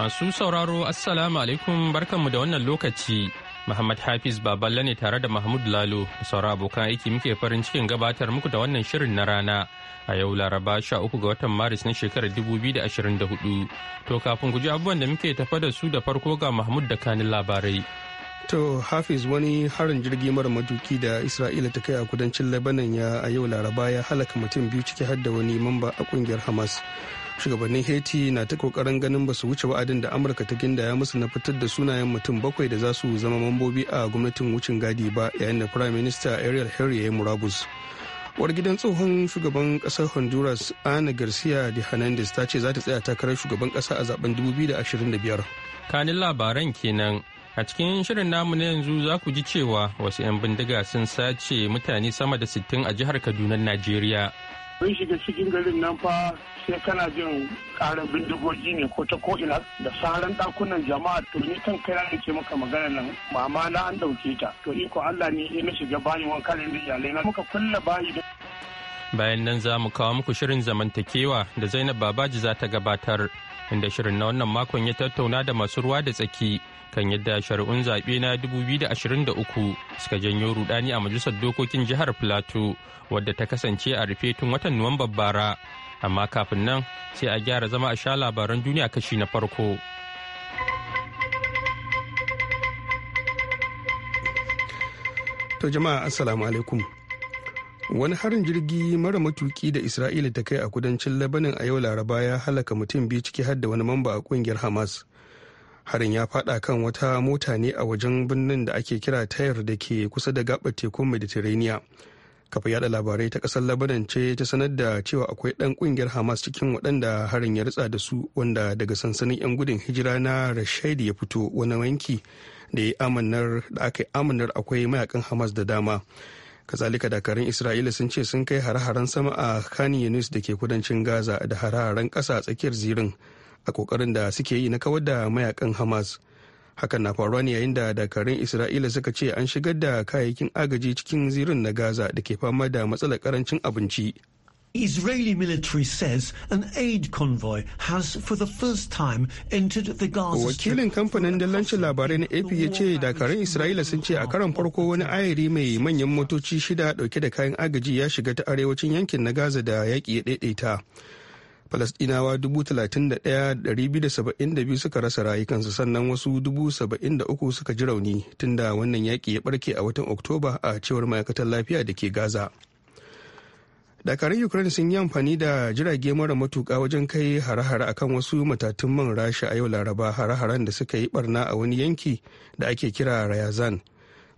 Masu sauraro Assalamu alaikum barkanmu da wannan lokaci. Muhammad Hafiz Baballe ne tare da Mahmud Lalo da sauran abokan aiki muke farin cikin gabatar muku da wannan shirin na rana a yau Laraba 13 ga watan Maris na shekarar 2024. To kafin guji abubuwan da muke tafa da su da farko ga Mahmud da kanin labarai. To Hafiz wani harin jirgi mara matuki da Isra'ila ta kai a kudancin Lebanon ya a yau Laraba ya halaka mutum biyu ciki har da wani mamba a kungiyar Hamas. shugabannin haiti na ta kokarin ganin ba su wuce wa'adin da amurka ta ya musu na fitar da sunayen mutum bakwai da za su zama mambobi a gwamnatin wucin gadi ba yayin da prime minister ariel henry ya yi murabus war gidan tsohon shugaban kasar honduras ana garcia de hernandez ta ce za ta tsaya takarar shugaban kasa a zaben 2025 kanin labaran kenan a cikin shirin namu na yanzu za ku ji cewa wasu 'yan bindiga sun sace mutane sama da 60 a jihar kaduna najeriya sun shiga cikin garin nan fa sai kana jin karin bindigogi ne ko ta ko'ina da saran dakunan jama'a to ni kan kai ne ke maka magana nan mama na an ɗauke ta to iko Allah ne ya na shiga bayin wanka da iyalai na muka kulla bayi da bayan nan za mu kawo muku shirin zamantakewa da Zainab Babaji za ta gabatar inda shirin na wannan makon ya tattauna da masu ruwa da tsaki kan yadda shari'un zaɓe na 2023 suka janyo rudani a majalisar dokokin jihar plateau wadda ta kasance a rufe tun watan nuwambar bara amma kafin nan sai a gyara zama a sha labaran duniya kashi na farko to jama'a assalamu alaikum wani harin jirgi mara matuki da isra'ila ta kai a kudancin labanin a yau laraba ya halaka mutum biyu ciki har da wani mamba a kungiyar hamas harin ya fada kan wata mota ne a wajen birnin da ake kira tayar da ke kusa da gabar tekun mediterranean kafa yada labarai ta kasar labanan ce ta sanar da cewa akwai ɗan ƙungiyar hamas cikin waɗanda harin ya ritsa da su wanda daga sansanin 'yan gudun hijira na rashaidi ya fito wani wanki da ya amanar da aka yi amanar akwai mayakan hamas da dama kazalika dakarun isra'ila sun ce sun kai hare-haren sama a khan yunis da ke kudancin gaza da hare-haren ƙasa a tsakiyar zirin a kokarin da suke yi na kawar da mayakan hamas hakan na faruwa ne yayin da dakarun isra'ila suka ce an shigar da kayayyakin agaji cikin zirin na gaza da ke fama da matsalar karancin abinci Israeli military says an aid convoy has for the first time entered the Gaza Wakilin kamfanin dallancin labarai na AP ya ce dakarun Isra'ila sun ce a karan farko wani ayari mai manyan motoci shida dauke da kayan agaji ya shiga ta arewacin yankin na Gaza da yaƙi ya daidaita. Falasɗinawa 31,272 suka rasa rayukansu sannan wasu 73,000 suka ji rauni tunda wannan yaƙi ya ɓarke a watan Oktoba a cewar ma'aikatar lafiya da ke Gaza. Dakarun Ukraine sun yi amfani da jirage mara matuƙa wajen kai hare-hare a kan wasu matatun man rasha a yau laraba hare-haren da suka yi barna a wani yanki da ake kira Rayazan.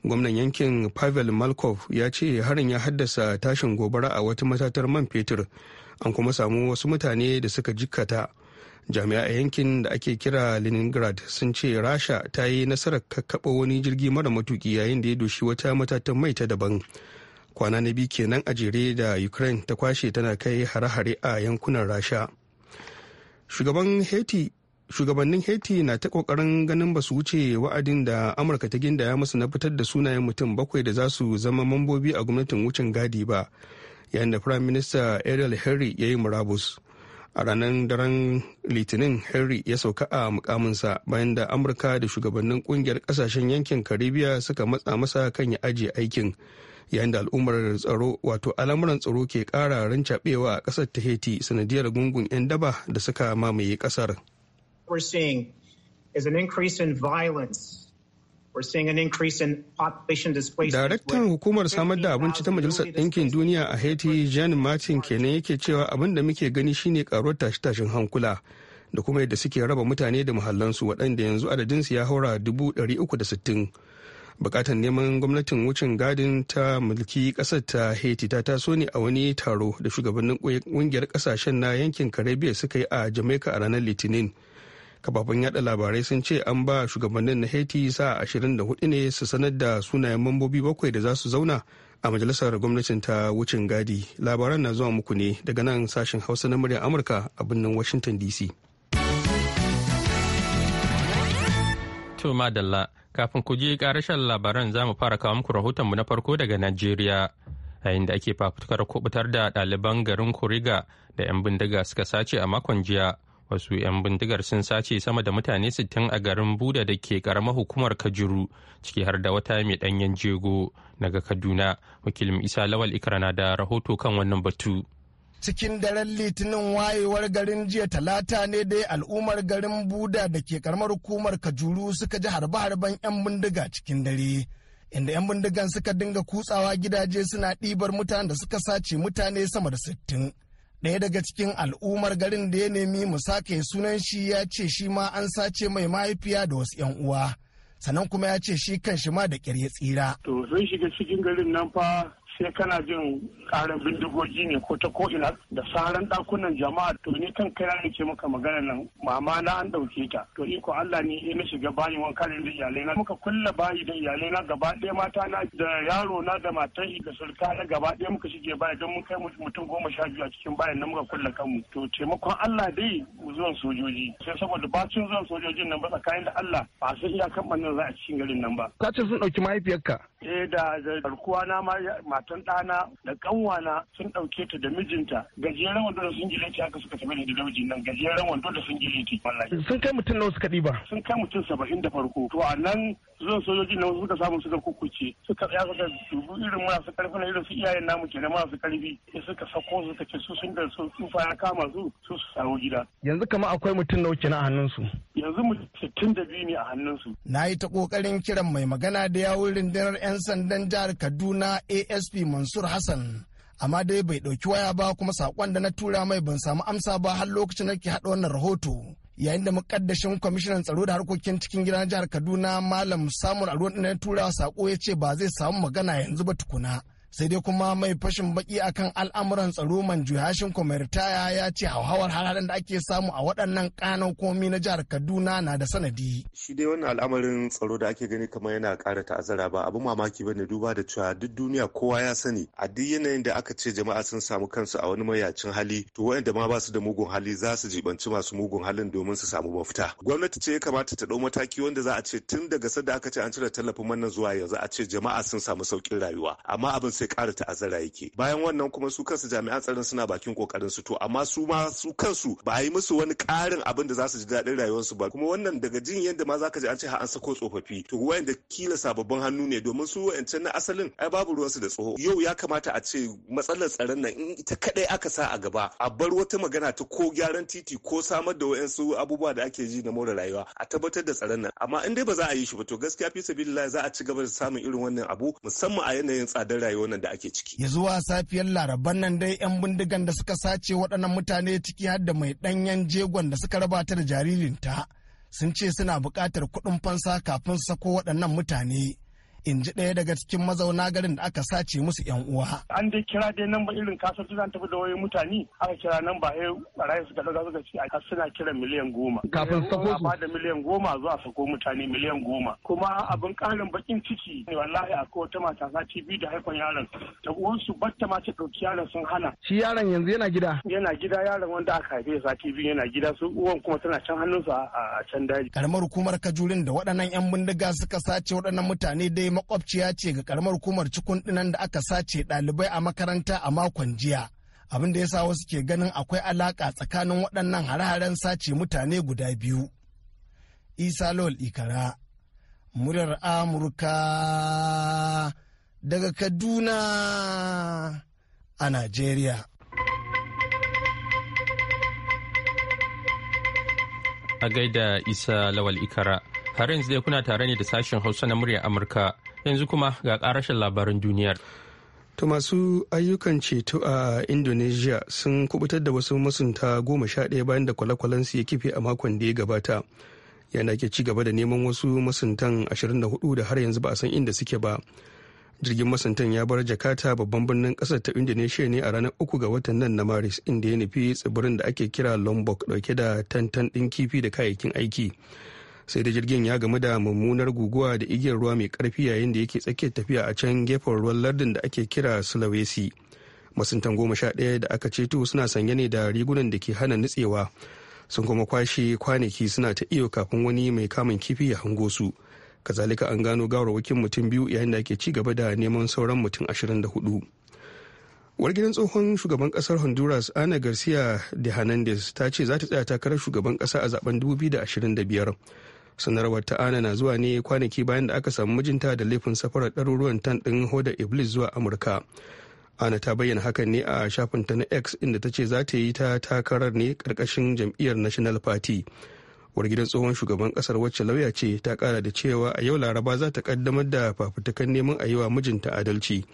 gwamnan yankin pavel malkov ya ce harin ya haddasa tashin gobara a wata matatar man fetur an kuma samu wasu mutane da suka jikkata jami'a a yankin da ake kira leningrad sun ce rasha ta yi nasarar kakkaɓa wani jirgi mara matuki yayin da ya doshi wata matatan mai ta daban kwana na biyu kenan a jere da ukraine ta kwashe tana kai hare-hare a yankunan rasha shugabannin haiti na ta kokarin ganin ba su wuce wa'adin da amurka ta ginda ya musu na fitar da sunayen mutum bakwai da za su zama mambobi a gwamnatin wucin gadi ba yayin da prime minister ariel henry ya yi murabus a ranar daren litinin henry ya sauka a mukaminsa bayan da amurka da shugabannin kungiyar kasashen yankin karibiya suka matsa masa kan ya ajiye aikin yayin da al'ummar tsaro wato al'amuran tsaro ke kara rancabewa a kasar ta haiti sanadiyar gungun 'yan daba da suka mamaye kasar. We're seeing is an increase in violence Daraktan hukumar samar da abinci ta Majalisar Ɗinkin Duniya a Haiti, Jean Martin kenan yake cewa abin da muke gani shine karuwar tashe-tashen hankula da kuma yadda suke raba mutane da muhallansu waɗanda yanzu adadin su ya haura da 360. Bukatar neman gwamnatin wucin gadin ta mulki ƙasar ta Haiti ta taso ne a wani taro da shugabannin ƙungiyar ƙasashen na yankin Caribbean suka yi a Jamaica a ranar Litinin. kafafen yada labarai sun ce an ba shugabannin na haiti sa 24 ne su sanar da sunayen mambobi bakwai da za su zauna a majalisar gwamnatin ta wucin gadi labaran na zuwa muku ne daga nan sashen hausa na muryar amurka a birnin washington dc to kafin ku je karashen labaran za mu fara kawo muku rahotonmu na farko daga najeriya yayin da ake fafutukar kubutar da ɗaliban garin kuriga da 'yan bindiga suka sace a makon jiya wasu 'yan bindigar sun sace sama da mutane 60 a garin buda da ke karamar hukumar kajuru ciki har da wata mai danyen jego daga kaduna wakilin isa lawal ikrana da rahoto kan wannan batu cikin daren litinin wayewar garin jiya talata ne dai al'ummar garin buda da ke karamar hukumar kajuru suka ji harbe-harben 'yan bindiga cikin dare inda 'yan bindigan suka dinga kutsawa gidaje suna ɗibar mutane da suka sace mutane sama da sittin. ɗaya daga cikin al'ummar garin da ya nemi mu sake sunan shi ya ce shi ma an sace mai mahaifiya da wasu 'yan uwa sannan kuma ya ce shi kan shi ma da ƙyar tsira. To sun shiga cikin garin nan fa sai kana jin karin bindigogi ne ko ta ko'ina da saran dakunan jama'a to ni kan kai ne ke maka magana nan mama na an ɗauke ta to iko Allah ne ina shiga bayin wanka da iyalai na muka kulla bayi da iyalai na gaba ɗaya mata na da yaro na da matar da sulka na gaba ɗaya muka shige bayi don mun kai mutum goma sha biyu a cikin bayan na muka kulla kanmu to taimakon Allah dai zuwan sojoji sai saboda bacin zuwan sojojin nan ba tsakanin da Allah ba iya kan ɓannan za a cikin garin nan ba. Ka ce sun ɗauki mahaifiyarka? Eh da garkuwa na ma matan ɗana da ƙanwana sun ɗauke ta da mijinta gajeren wando da sun gile ta haka suka tabbata da namijin nan gajeren wando da sun gile ta sun kai mutum nawa suka ɗiba sun kai mutum saba'in da farko to a nan zuwan sojoji na wasu suka samu suka kukuce suka tsaya suka dubu irin masu karfi na irin su iyayen namu ke masu karfi ya suka sako suka ce su sun da su tufa ya kama su su su samu gida. Yanzu kama akwai mutum wuce na a hannunsu. Yanzu mutum sittin da biyu ne a hannunsu. Na yi ta kokarin kiran mai magana da yawun rundunar 'yan sandan jihar Kaduna ASP Mansur Hassan. amma dai bai ɗauki waya ba kuma saƙon da na tura mai ban samu amsa ba har lokacin ke haɗa wannan rahoto yayin da mukaddashin kwamishinan tsaro da harkokin cikin gida na jihar kaduna malam samun a ruwan turawa sako ya ce ba zai samu magana yanzu ba tukuna sai dai kuma mai fashin baki akan al'amuran tsaro man juyashin kwamitaya ya ce hauhawar hararen da ake samu a waɗannan ƙanan komi na jihar kaduna na da sanadi shi dai wannan al'amarin tsaro da ake gani kamar yana ƙara ta'azzara ba abin mamaki ba ne duba da cewa duk duniya kowa ya sani a duk yanayin da aka ce jama'a sun samu kansu a wani mayacin hali to waɗanda ma ba su da mugun hali za su jibanci masu mugun halin domin su samu mafita gwamnati ce ya kamata ta dau mataki wanda za a ce tun daga sadda aka ce an cire tallafin wannan zuwa yanzu a ce jama'a sun samu saukin rayuwa amma abin sai ƙara ta'azzara yake bayan wannan kuma su kansu jami'an tsaron suna bakin kokarin su to amma su ma su kansu ba a yi musu wani ƙarin abin da za su ji daɗin rayuwarsu ba kuma wannan daga jin yadda ma za ka ji an ce har an sako tsofaffi to da kila sababbin hannu ne domin su wayancan na asalin ai babu ruwansu da tsoho yau ya kamata a ce matsalar tsaron nan in ita kadai aka sa a gaba a bar wata magana ta ko gyaran titi ko samar da wayansu abubuwa da ake ji na more rayuwa a tabbatar da tsaron nan amma in dai ba za a yi shi ba to gaskiya fi sabilillah za a ci gaba da samun irin wannan abu musamman a yanayin tsadar rayuwa nan da ake ciki. Ya zuwa safiyar laraban nan dai 'yan bindigan da suka sace waɗannan mutane ciki har da mai ɗanyen jegon da suka raba ta da jaririnta sun ce suna buƙatar kuɗin fansa kafin sako waɗannan mutane. in ji ɗaya daga cikin mazauna garin da aka sace musu yan uwa. An dai kira dai nan ba irin kasar zan tafi da wayoyin mutane aka kira nan ba sai barayi su ɗaga suka ce a suna kiran miliyan goma. Kafin sako su. Ba da miliyan goma zuwa sako mutane miliyan goma. Kuma abin ƙarin bakin ciki ne wallahi akwai wata mata sati biyu da haifan yaron. Da uwansu batta ma ta ɗauki yaron sun hana. Shi yaron yanzu yana gida. Yana gida yaron wanda aka haife sati biyu yana gida su uwan kuma tana can hannunsa a can daji. Karamar hukumar Kajurin da waɗannan 'yan bindiga suka sace waɗannan mutane dai makwabciya ce ga karamar hukumar cikin dinan da aka sace dalibai a makaranta a makon jiya abin da ya sa wasu ke ganin akwai alaka tsakanin waɗannan hare-haren sace mutane guda biyu isa lol ikara muryar amurka daga kaduna a najeriya a gaida isa lawal ikara Har yanzu dai kuna tare ne da sashen Hausa na murya Amurka. Yanzu kuma ga karashin labaran duniyar. To masu ayyukan ceto a Indonesia sun kubutar da wasu masunta goma sha ɗaya bayan da kwale kwalensu su ya kife a makon da ya gabata. Yana ke ci gaba da neman wasu masuntan 24 da har yanzu ba a san inda suke ba. Jirgin masuntan ya bar jakata babban birnin ƙasar ta Indonesia ne a ranar uku ga watan nan na Maris inda ya nufi tsibirin da ake kira Lombok dauke da tantan ɗin kifi da kayayyakin aiki. sai da jirgin ya gamu da mummunar guguwa da igiyar ruwa mai karfi yayin da yake tsakiyar tafiya a can gefen ruwan lardin da ake kira sulawesi masuntan goma sha ɗaya da aka ceto suna sanye ne da rigunan da ke hana nutsewa sun kuma kwashe kwanaki suna ta iyo kafin wani mai kamun kifi ya hango su kazalika an gano gawarwakin mutum biyu yayin da ake ci gaba da neman sauran mutum ashirin da hudu uwar gidan tsohon shugaban kasar honduras ana garcia de hernandez ta ce za ta tsaya takarar shugaban kasa a zaben 2025 sanarwar ta ana na zuwa ne kwanaki bayan da aka samu mijinta da laifin safarar ɗaruruwan tan ɗin hoda iblis zuwa amurka ana ta bayyana hakan ne a shafin ta na x inda ta ce za ta yi ta takarar ne karkashin jam'iyyar national party wargidan tsohon shugaban ƙasar wacce lauya ce ta kara da cewa a yau laraba za ta ƙaddamar da fafutukan neman a yi wa mijinta adalci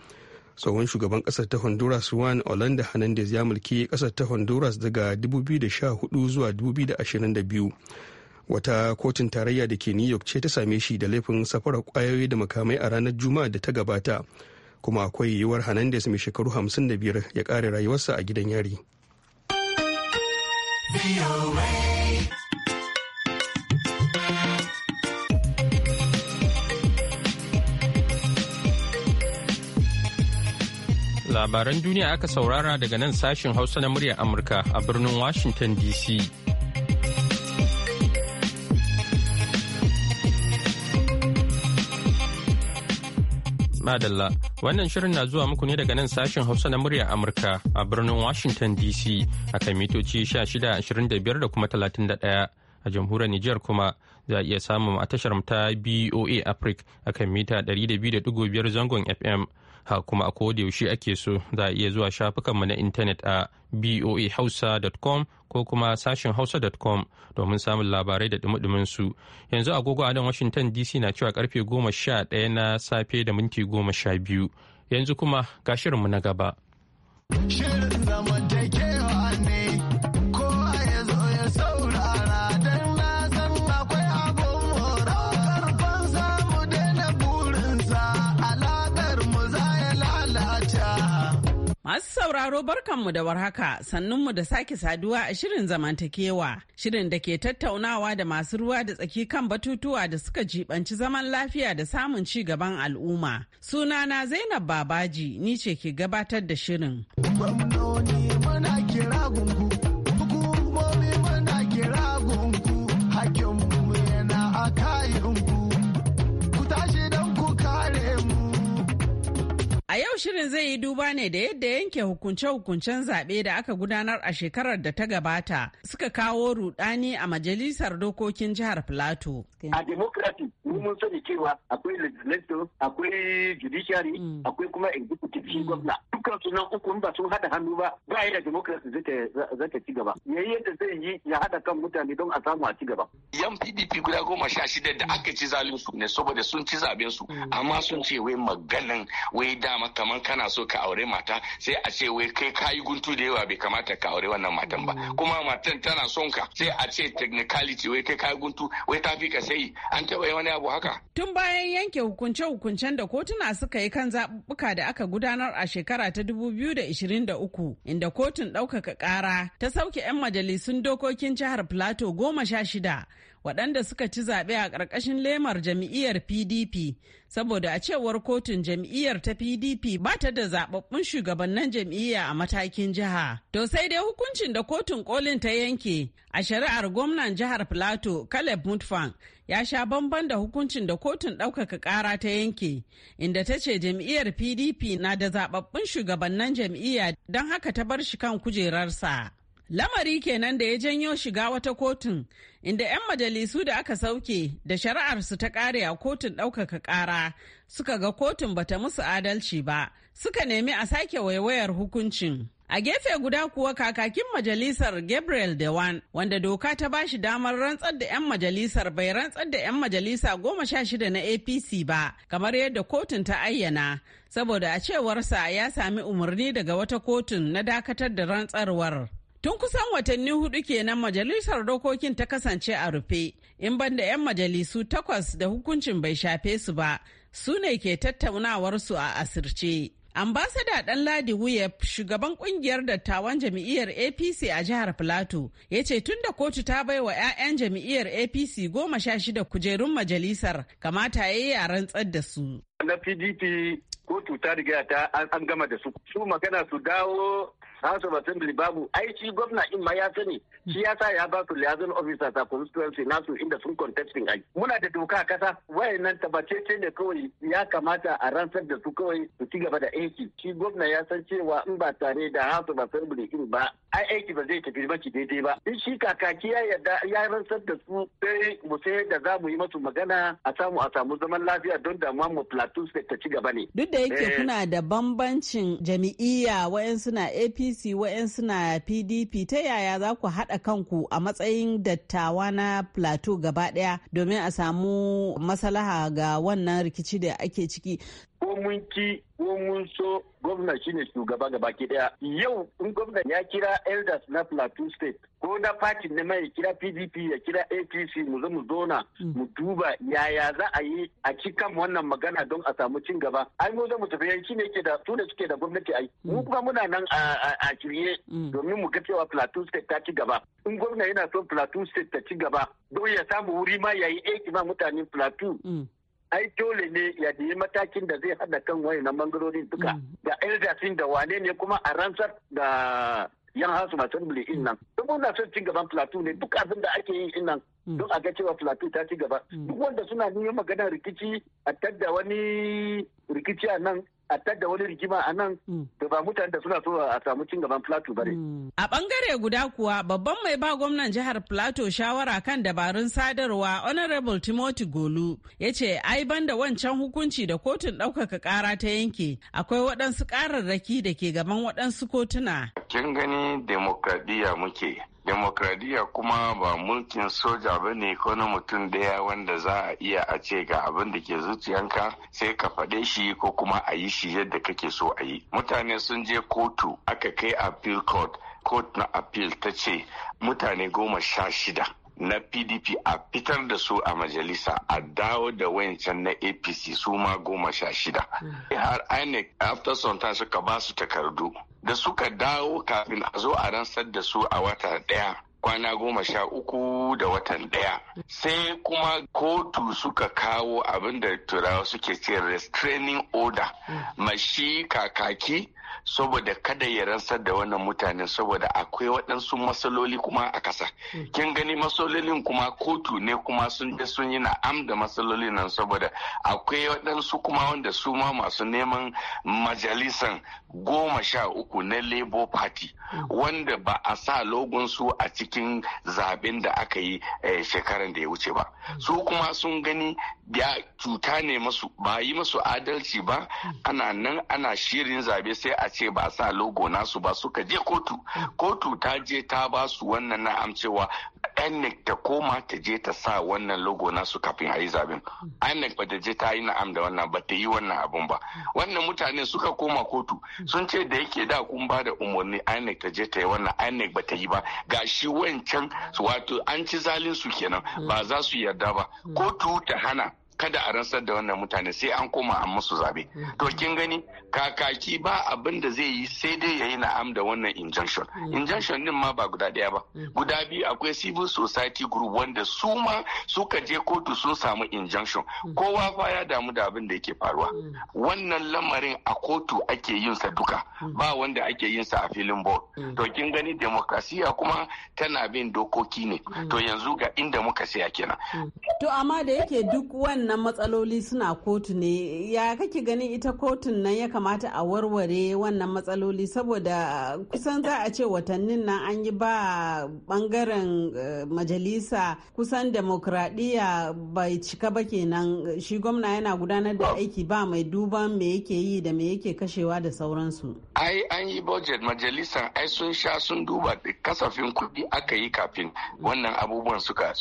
tsohon shugaban ƙasar ta honduras juan orlando hernandez ya mulki ƙasar ta honduras daga 2014 zuwa 2022 wata kotun tarayya da ke new york ce ta same shi da laifin safarar kwayoyi da makamai a ranar juma'a da ta gabata kuma akwai yiwuwar hernandez mai shekaru 55 ya kare rayuwarsa a gidan yari labaran duniya aka saurara daga nan sashin hausa na muryar amurka a birnin washington dc Madalla, wannan shirin na zuwa muku ne daga nan sashen Hausa na murya Amurka a birnin Washington DC a kan mitoci 1625 da kuma 31 a jamhuriyar Nijar kuma za a iya samun a tashar ta BOA Africa a kan mita 200.5 zangon FM. ha kuma a koda yaushe ake so za a iya zuwa shafukanmu na intanet a boahausa.com ko kuma sashin hausa.com domin samun labarai da dumi su yanzu agogo a nan washington dc na cewa karfe goma sha ɗaya na safe da minti goma sha biyu yanzu kuma ga shirinmu na gaba shirin sauraro barkanmu da warhaka sannunmu da sake saduwa a shirin zamantakewa shirin da ke tattaunawa da masu ruwa da tsaki kan batutuwa da suka jibanci zaman lafiya da samun ci gaban al'umma. Sunana Zainab Babaji ni ce ke gabatar da shirin. kira gungu A yau shirin zai yi duba ne da yadda yanke hukunce-hukuncen zaɓe da aka gudanar a shekarar da ta gabata suka kawo rudani a majalisar dokokin jihar Filato. A democracy mun sani cewa akwai legislative, akwai judiciary, mm. akwai kuma executive shi gwamna. Mm. Dukkan su nan uku ba sun haɗa hannu ba ba yi da democracy za ta ci gaba. ya yi yadda zai yi ya haɗa kan mutane don a samu a ci gaba. Yan PDP guda goma sha shida da aka ci zalunsu ne saboda sun ci zaɓen su mm. amma sun ce wai maganin wai dama kamar kana so ka aure mata sai a ce wai kai yi guntu da yawa bai kamata ka aure wannan matan ba mm. kuma matan tana son ka sai a ce technicality wai kai yi guntu wai tafi ka sai an taɓa yi wani abu haka. Tun bayan yanke hukunce-hukuncen da kotuna suka yi kan zaɓuɓɓuka da aka gudanar a shekara ta uku inda kotun ɗaukaka ƙara ta sauke 'yan majalisun dokokin jihar Plateau goma sha shida waɗanda suka ci zaɓe a ƙarƙashin lemar jam'iyyar pdp saboda a cewar kotun jam'iyyar ta pdp ba ta da zaɓaɓɓun shugabannin jam'iyya a matakin jiha to sai dai hukuncin da kotun kolin ta yanke a shari'ar gwamnan jihar plateau caleb mutfan ya sha bamban da hukuncin da kotun ɗaukaka ƙara ta yanke inda ta ce jam'iyyar pdp na da zaɓaɓɓun shugabannin jam'iyya don haka ta bar shi kan kujerarsa Lamari kenan da ya janyo shiga wata kotun, inda 'yan majalisu da aka sauke da shari'arsu ta kare a kotun ɗaukaka ƙara suka ga kotun bata musu adalci ba, suka nemi a sake waiwayar hukuncin. A gefe guda kuwa kakakin majalisar Gabriel Dewan, wanda doka ta ba shi damar rantsar da 'yan majalisar bai rantsar da 'yan majalisa goma sha shida na APC ba, kamar yadda kotun ta ayyana, saboda a cewarsa ya sami umarni daga wata kotun na dakatar da rantsarwar. Tun kusan watanni hudu kenan majalisar dokokin ta kasance a rufe, in banda 'yan majalisu takwas da hukuncin bai shafe su ba, su ne ke tattaunawarsu a asirce. Ambasada Dan Ladi Wuyef shugaban kungiyar dattawan jam'iyyar APC a jihar Filato ya ce tun da kotu ta bai wa 'ya'yan jam'iyyar APC goma sha shida kujerun majalisar kamata ya yi yaren tsar da su. Na PDP kotu ta riga ta an gama da su. Su magana su dawo House ba babu ai shi gwamna in ma ya sani shi ya sa ya ba su liaison officers a constituency nasu inda sun contesting ai muna da doka a kasa wayannan tabbatacce ne kawai ya kamata a rantsar da su kawai su ci gaba da aiki shi gwamna ya san cewa in ba tare da House ba in ba ai aiki ba zai tafi maki daidai ba in shi kakaki ya yarda ya rantsar da su sai mu sai da za mu yi masu magana a samu a samu zaman lafiya don damuwa mu plateau state ta ci gaba ne duk da yake eh. kuna da bambancin jami'iyya wayan suna APC apc waɗansu na pdp ta yaya za ku haɗa kanku a matsayin dattawa na plateau gaba ɗaya domin a samu masalaha ga wannan rikici da ake ciki ko mun ci, ko mun so gwamna shine shugaba gaba ki daya yau in gwamna ya kira elders na plateau state ko na party na mai kira pdp ya kira apc mu zo mu zona mm. mu duba yaya za a yi a kan wannan magana don a samu cin gaba ai mu zo mu tafi yanki ne ke da su da suke da gwamnati ai mu mm. kuma muna nan a shirye mm. domin mu ga cewa plateau state ta ci gaba in gwamna yana son plateau state ta ci gaba don ya samu wuri ma yayi aiki ma mutanen plateau ai dole ne ya yi matakin da zai hada kan na mangarorin duka mm. da eldersin da wane ne kuma a rantsar da yan hasu masu bule in nan duk wanda sun ci gaban plateau ne duk abin da ake yi in nan mm. don a ga cewa plateau ta ci gaba mm. duk wanda suna neman maganar rikici a tadda wani rikici a nan a tadda wani rigima a nan da mm. ba mutane da suna so a samu cin gaban plateau mm. A bangare guda kuwa babban mai ba gwamnan jihar plateau shawara kan dabarun sadarwa honorable Timothy Golu ya ce ai da wancan hukunci da kotun ɗaukaka ƙara ta yanke akwai waɗansu ƙararraki da ke gaban waɗansu kotuna. Kin gani demokradiyya muke demokradiyya kuma ba mulkin soja ba ne ko na mutum ɗaya wanda za a iya a ce ga abin da ke zuciyanka sai ka faɗe shi ko kuma a yi shi yadda kake so a yi mutane sun je kotu aka kai appeal court court na appeal ta ce mutane goma sha shida na pdp a fitar da su a majalisa a dawo da wayancan na apc su ma goma sha shida hmm. har inec after some suka ba su takardu da suka dawo kafin a zo a ransar da su a wata daya kwana goma sha uku da watan daya sai kuma kotu suka kawo abin da turawa suke ce restraining order hmm. mashi kakaki saboda kada ya rantsar da wannan mutane saboda akwai waɗansu matsaloli kuma a ƙasa hmm. kin gani matsalolin kuma kotu ne kuma sun je sun yi na'am da matsaloli nan saboda akwai waɗansu kuma wanda su ma masu neman majalisan goma sha uku na labour party hmm. wanda ba a sa logon a cikin zaben da aka yi eh, shekaran da ya wuce ba hmm. su kuma sun gani ya cuta ne masu ba yi masu adalci ba ana nan ana shirin zaɓe sai a ce ba sa logo nasu ba suka je kotu kotu ta je ta ba su wannan na amcewa ta koma ta je ta sa wannan logo nasu kafin a yi zaben INEC ba ta je ta yi na'am da wannan ba ta yi wannan abun ba wannan mutane suka koma kotu sun ce da yake da kun ba da umarni INEC ta je ta yi wannan INEC ba ta yi ba ga shi wancan wato an ci zalin su kenan ba za su yarda ba hmm. kotu ta hana kada a rantsar da wannan mutane sai an koma an musu zabe to mm. kin gani kakaki ba abin da zai yi sai dai yayi na'am da wannan injunction mm. injunction din ma ba guda daya ba mm. guda biyu akwai civil society group wanda su ma suka je kotu sun samu injunction kowa fa ya damu da abin da yake faruwa wannan lamarin a kotu ake yin sa duka ba wanda ake yin sa a filin ball to kin gani demokrasiya kuma tana bin dokoki ne to yanzu ga inda muka saya kenan to amma da yake duk wannan waɗannan matsaloli suna kotu ne ya kake ganin ita kotun nan ya kamata a warware wannan matsaloli saboda kusan za a ce watannin nan an yi ba bangaren eh, majalisa kusan demokradiyya bai cika ba kenan shi gwamna yana gudanar da aiki ba mai duban me yake yi da me yake kashewa da sauransu ai an yi budget majalisan ai sun sha sun duba kasafin kuɗi aka yi kafin wannan abubuwan suka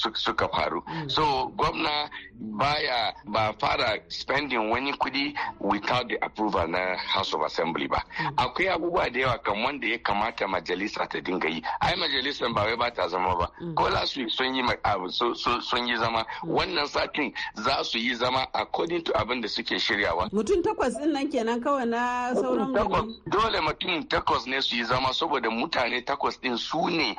faru mm. so gwamna baya ba fara spending wani kudi without the approval na House of Assembly ba. Hmm. Akwai abubuwa da yawa kan wanda ya kamata majalisa ta dinga yi. Ai majalisar ba wai ba ta zama ba. Hmm. Ko last week sun yi sun yi zama hmm. wannan satin za su yi zama according to abin da suke shiryawa. Mutum takwas din nan kenan kawai na sauran Dole mutum takwas ne su yi zama saboda mutane takwas din su ne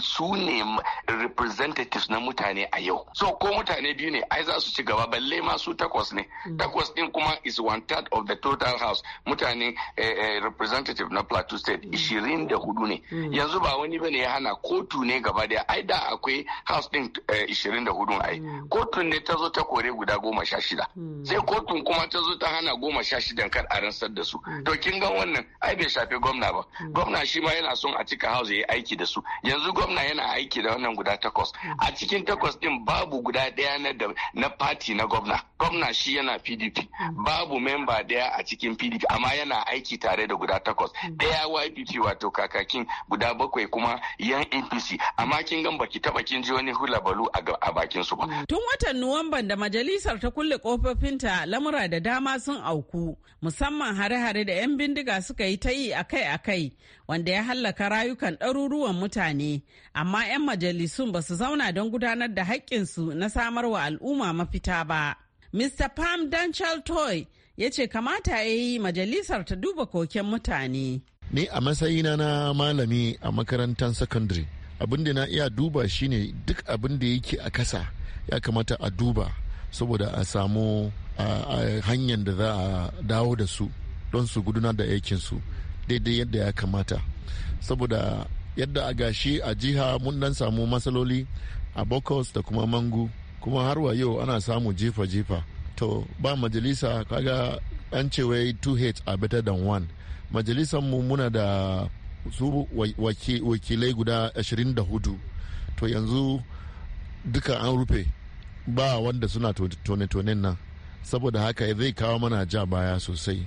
su ne representatives na mutane a yau. So ko mutane biyu ne ai za su ci gaba balle ma su takwas ne hmm. takwas din kuma is one third of the total house mutane eh, eh, representative na plateau state hmm. ishirin da hudu ne hmm. yanzu ba wani bane ya hana kotu ne gaba daya ai da akwai house din eh, ishirin da hudu ai kotun ne ta zo ta kore guda goma sha shida sai kotun kuma ta zo ta hana goma sha shidan kar a rantsar da su to kin ga wannan ai bai shafe gwamna ba gwamna shi ma yana son a cika house ya yi aiki da su yanzu gwamna yana aiki da wannan guda takwas a cikin takwas din babu guda daya na na party na na gwamna gwamna shi yana pdp hmm. babu memba daya a cikin pdp amma yana aiki tare da guda takwas hmm. daya ypp wato kakakin guda bakwai kuma yan apc amma kin gan baki taba kin ji wani hula balu a bakin su ba hmm. tun watan nuwamban da majalisar ta kulle kofofinta lamura da dama sun auku musamman hare-hare da yan bindiga suka yi ta yi akai-akai wanda ya hallaka rayukan ɗaruruwan mutane amma 'yan majalisun ba su zauna don gudanar da haƙƙinsu na samarwa al'umma mafita ba. Mr. Pam Danchal Toy ya ce kamata ya yi majalisar ta duba koken mutane. Ni a matsayina na malami a makarantar secondary abin da na iya duba shine duk abin da yake a kasa ya kamata a duba saboda a samu hanyar da za a dawo da su don su guduna da aikinsu daidai yadda ya kamata saboda yadda a gashi a jiha mun dan samu matsaloli a bokos da kuma mangu kuma har wa yau ana samu jifa jifa to ba majalisa kaga an ce wai 2h a better than one majalisar mu muna da su wakilai guda 24 to yanzu duka an rufe ba wanda suna tone-tonen nan saboda haka zai kawo mana ja baya sosai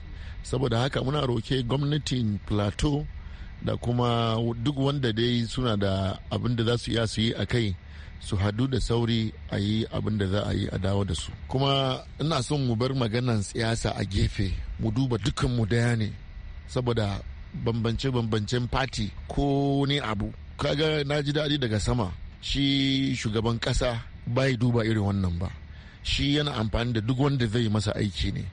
saboda haka muna roke gwamnatin plateau da kuma duk wanda dai suna da abinda da za su iya su yi a kai su hadu da sauri a yi abin da za a yi a dawo da su kuma ina son mu bar maganan siyasa a gefe mu duba dukkan mu daya ne saboda bambance-bambancen fati ko ne abu kaga na ji daɗi daga sama shi shugaban ƙasa bai duba irin wannan ba shi yana amfani da duk wanda zai masa aiki ne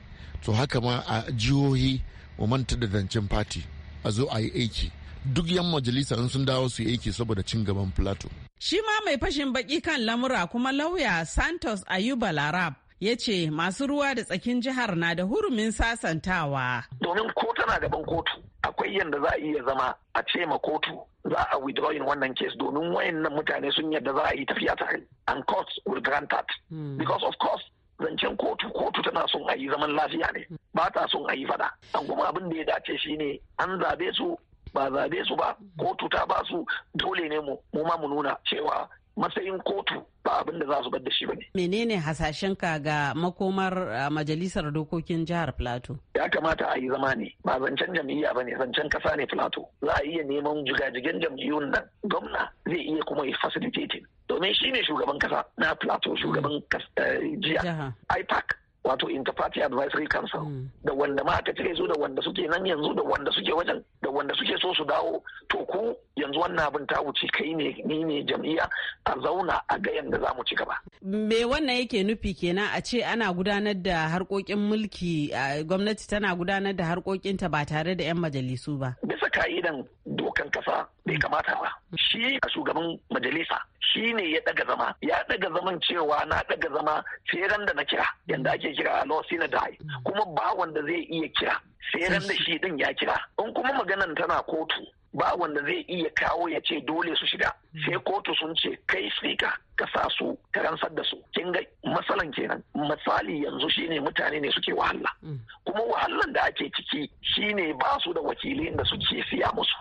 to haka ma a jihohi mu manta da zancen fati a zo a yi aiki duk yan majalisa sun dawo su yi aiki saboda cin gaban plateau Shi ma mai fashin baki kan lamura kuma lauya Santos Ayuba Larab ya ce masu ruwa da tsakin jihar na da hurumin sasantawa. Domin ko tana gaban kotu akwai yadda za a iya zama a ce ma kotu za a withdrawin wannan case domin wayannan mutane sun yadda za a yi tafiya tare and court will grant that. Hmm. Because of course zancen kotu kotu tana son a yi zaman lafiya ne ba ta son a yi fada an kuma abin da ya dace shine an zabe su ba zabe su ba kotu ta ba su dole ne mu ma mu nuna cewa matsayin kotu ba abin da za su bar da shi ba ne. Menene hasashenka ga makomar majalisar dokokin jihar Plateau? Ya kamata a yi zama ne, ba zancen jam'iyya ba ne, zancen kasa ne Plateau. Za a iya neman jigajigen jam'iyyun nan gwamna zai iya kuma yi facilitating. Domin shi ne shugaban kasa na Plateau, shugaban eh, jiya. IPAC wato interparty advisory council hmm. da wanda ma aka cire da wanda suke nan yanzu da wanda suke wajen da wanda suke so su dawo to ku yanzu wannan abin ta wuce kai ne ni ne jam'iyya a zauna a ga yanda za mu ci gaba me wannan yake nufi kenan a ce ana gudanar da harkokin mulki gwamnati tana gudanar da harkokinta ba tare da 'yan majalisu ba bisa ka'idan dokan kasa bai kamata ba shi a shugaban majalisa shi ne ya daga zama ya daga zaman cewa na daga zama tseren da na kira yadda ake kira a law da kuma ba wanda zai iya kira sai da shi din ya kira in kuma maganan tana kotu ba wanda zai iya kawo ya ce dole su shiga sai kotu sun ce kai sika ka sa su ka ransar da su kin ga matsalan kenan misali yanzu shine mutane ne suke wahala mm. kuma wahalan da ake ciki shine ba su da wakilin da suke siya musu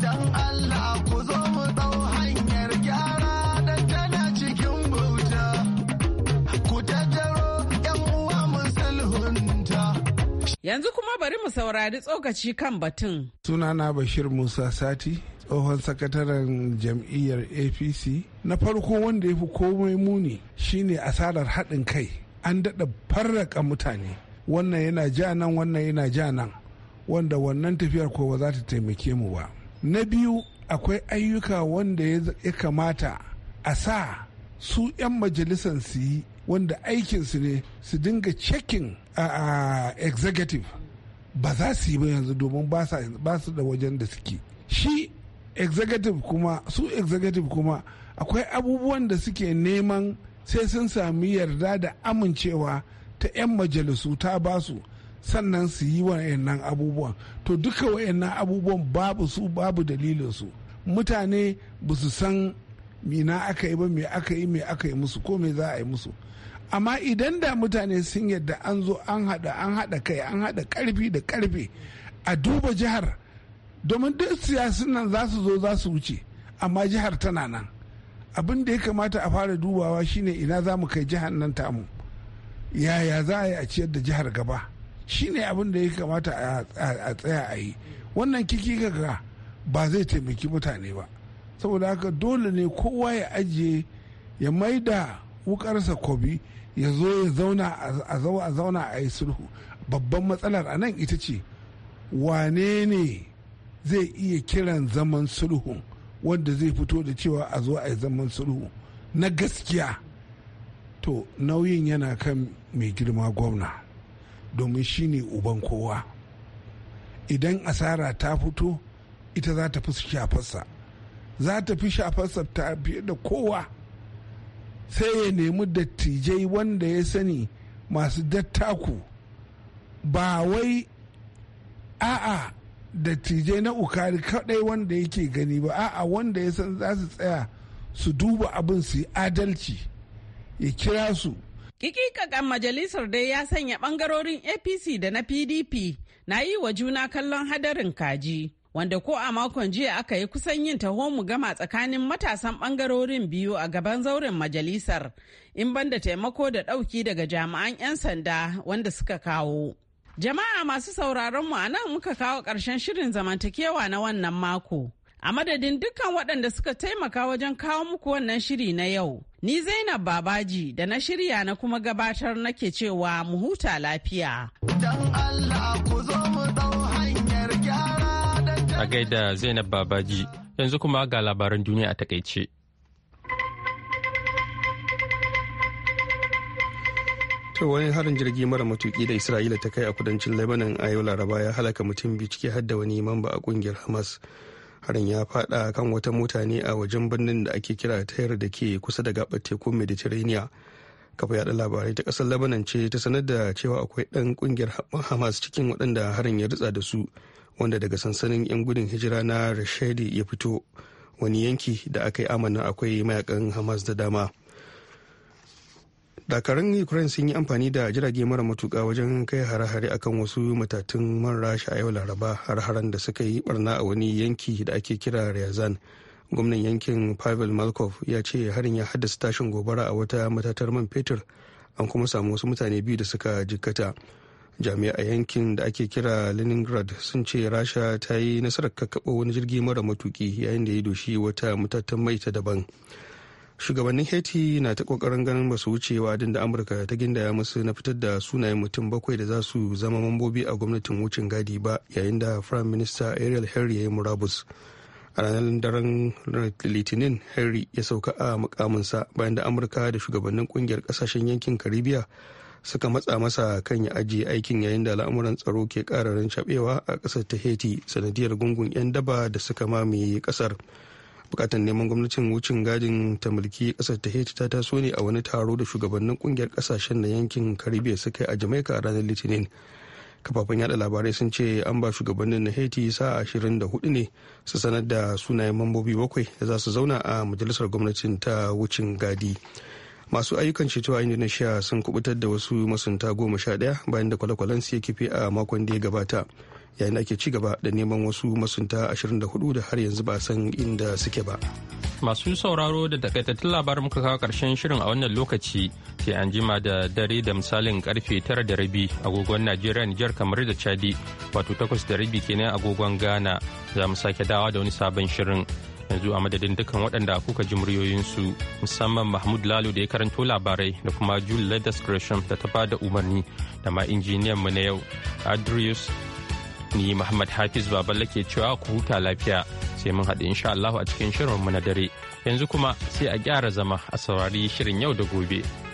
dan Allah ku zo mu Yanzu kuma bari mu saurari tsokaci kan batun. Sunana Bashir Musa Sati, tsohon sakataren jam'iyyar APC. Na farko wanda ya fi komai muni shine asarar haɗin kai. An daɗa farraka mutane. Wannan yana ja nan, wannan yana ja nan. Wanda wannan tafiyar ko ba za ta taimake mu ba. Na biyu akwai ayyuka wanda ya kamata a sa su 'yan majalisar su yi wanda aikinsu ne su dinga cekin executive ba za su yi ba yanzu domin ba su da wajen da suke shi executive kuma su executive kuma akwai abubuwan da suke neman sai sun sami yarda da amincewa ta 'yan majalisu ta basu sannan su yi wa'annan abubuwan to duka wa'annan abubuwan babu su babu dalilinsu mutane ba su san mina aka yi ba me aka yi me aka yi musu ko me za a yi musu amma idan da mutane sun yadda an zo an haɗa an haɗa kai an haɗa ƙarfi da ƙarfe a duba jihar domin duk siyasun nan za su zo za su wuce amma jihar tana nan abin da ya kamata a fara dubawa shine ina za mu kai jihar nan tamu yaya za a yi a ciyar da jihar gaba shine abin da ya kamata a tsaya a yi wannan kiki gaga ba zai taimaki mutane ba saboda haka dole ne kowa ya ajiye ya maida wukarsa kobi ya zo ya zauna a zauna a yi sulhu babban matsalar a nan ita ce wane ne zai iya kiran zaman sulhu wanda zai fito da cewa a zo a yi zaman sulhu na gaskiya to nauyin yana kan mai girma gwamna domin shi ne uban kowa idan asara ta fito ita za ta fi shafarsa za ta fi shafarsa ta fiye da kowa sai ya nemi dattijai wanda ya sani masu dattaku ba wai a'a dattijai na ukari kadai wanda yake gani ba a'a wanda ya san za su tsaya su duba abin su yi adalci ya kira su kikikakan majalisar dai ya sanya bangarorin apc da na pdp na yi wa juna kallon hadarin kaji wanda ko a makon jiya aka yi kusan yin taho mu gama tsakanin matasan bangarorin biyu a gaban zauren majalisar in banda taimako da ɗauki daga jami'an 'yan sanda wanda suka kawo. Jama'a masu sauraron mu a nan muka kawo ƙarshen shirin zamantakewa na wannan mako. A madadin dukkan waɗanda suka taimaka wajen kawo muku wannan shiri na yau, ni Zainab Babaji da na shirya na kuma gabatar nake cewa mu huta lafiya. Allah ku zo mu a gaida Zainab Babaji yanzu kuma ga labaran duniya a takaice. To wani harin jirgi mara matuki da Isra'ila ta kai a kudancin Lebanon a yau Laraba ya halaka mutum biyu ciki har da wani mamba a kungiyar Hamas. Harin ya fada kan wata mutane a wajen birnin da ake kira tayar da ke kusa da gabar tekun mediterania kafa yada labarai ta kasar Lebanon ce ta sanar da cewa akwai dan kungiyar Hamas cikin waɗanda harin ya ritsa da su. wanda daga sansanin 'yan gudun hijira na rashedi ya fito wani yanki da aka yi amana akwai mayakan hamas da dama dakarun ukraine sun yi amfani da jirage mara matuka wajen kai hare-hare akan wasu matatun man rasha a yau laraba har-haren da suka yi barna a wani yanki da ake kira ryazan gwamnan yankin pavel malkov ya ce harin ya haddasa tashin gobara a wata matatar man fetur an kuma samu wasu mutane biyu da suka jikkata jami'a yankin da ake kira leningrad sun ce rasha ta yi nasarar kakkaɓo wani jirgi mara matuki yayin da ya doshi wata matatan mai ta daban shugabannin haiti na ta kokarin ganin ba su wuce wa da amurka ta gindaya musu na fitar da sunayen mutum bakwai da za su zama mambobi a gwamnatin wucin gadi ba yayin da prime minister ariel henry ya yi murabus a ranar daren litinin henry ya sauka a mukaminsa bayan da amurka da shugabannin kungiyar kasashen yankin caribbean suka matsa masa kan ya aji aikin yayin da al'amuran tsaro ke ƙararin shaɓewa a ƙasar ta haiti sanadiyar gungun 'yan daba da suka mamaye kasar bukatan neman gwamnatin wucin gadin ta mulki ƙasar ta haiti ta taso ne a wani taro da shugabannin ƙungiyar ƙasashen na yankin caribbean suka yi a jamaica ranar litinin kafafen yada labarai sun ce an ba shugabannin na haiti sa ashirin da hudu ne su sanar da sunayen mambobi bakwai da za su zauna a majalisar gwamnatin ta wucin gadi. masu ayyukan ceto a indonesia sun kubutar da wasu masunta goma sha daya bayan da kwale-kwalen su ya kife a makon da ya gabata yayin ake ci gaba da neman wasu masunta 24 da har yanzu ba san inda suke ba masu sauraro da takaitattun labarin muka kawo karshen shirin a wannan lokaci sai an jima da dare da misalin karfe tara da rabi agogon najeriya nijar kamar da chadi wato takwas da rabi kenan agogon ghana za mu sake dawa da wani sabon shirin yanzu a madadin dukkan waɗanda kuka ji muryoyinsu musamman mahmud lalo da ya karanto labarai da kuma jule da ta bada umarni da ma injiniyan mu na yau adrius ni muhammad hafiz baballe ke cewa ku huta lafiya sai mun haɗu insha allahu a cikin shirin mu na dare yanzu kuma sai a gyara zama a saurari shirin yau da gobe.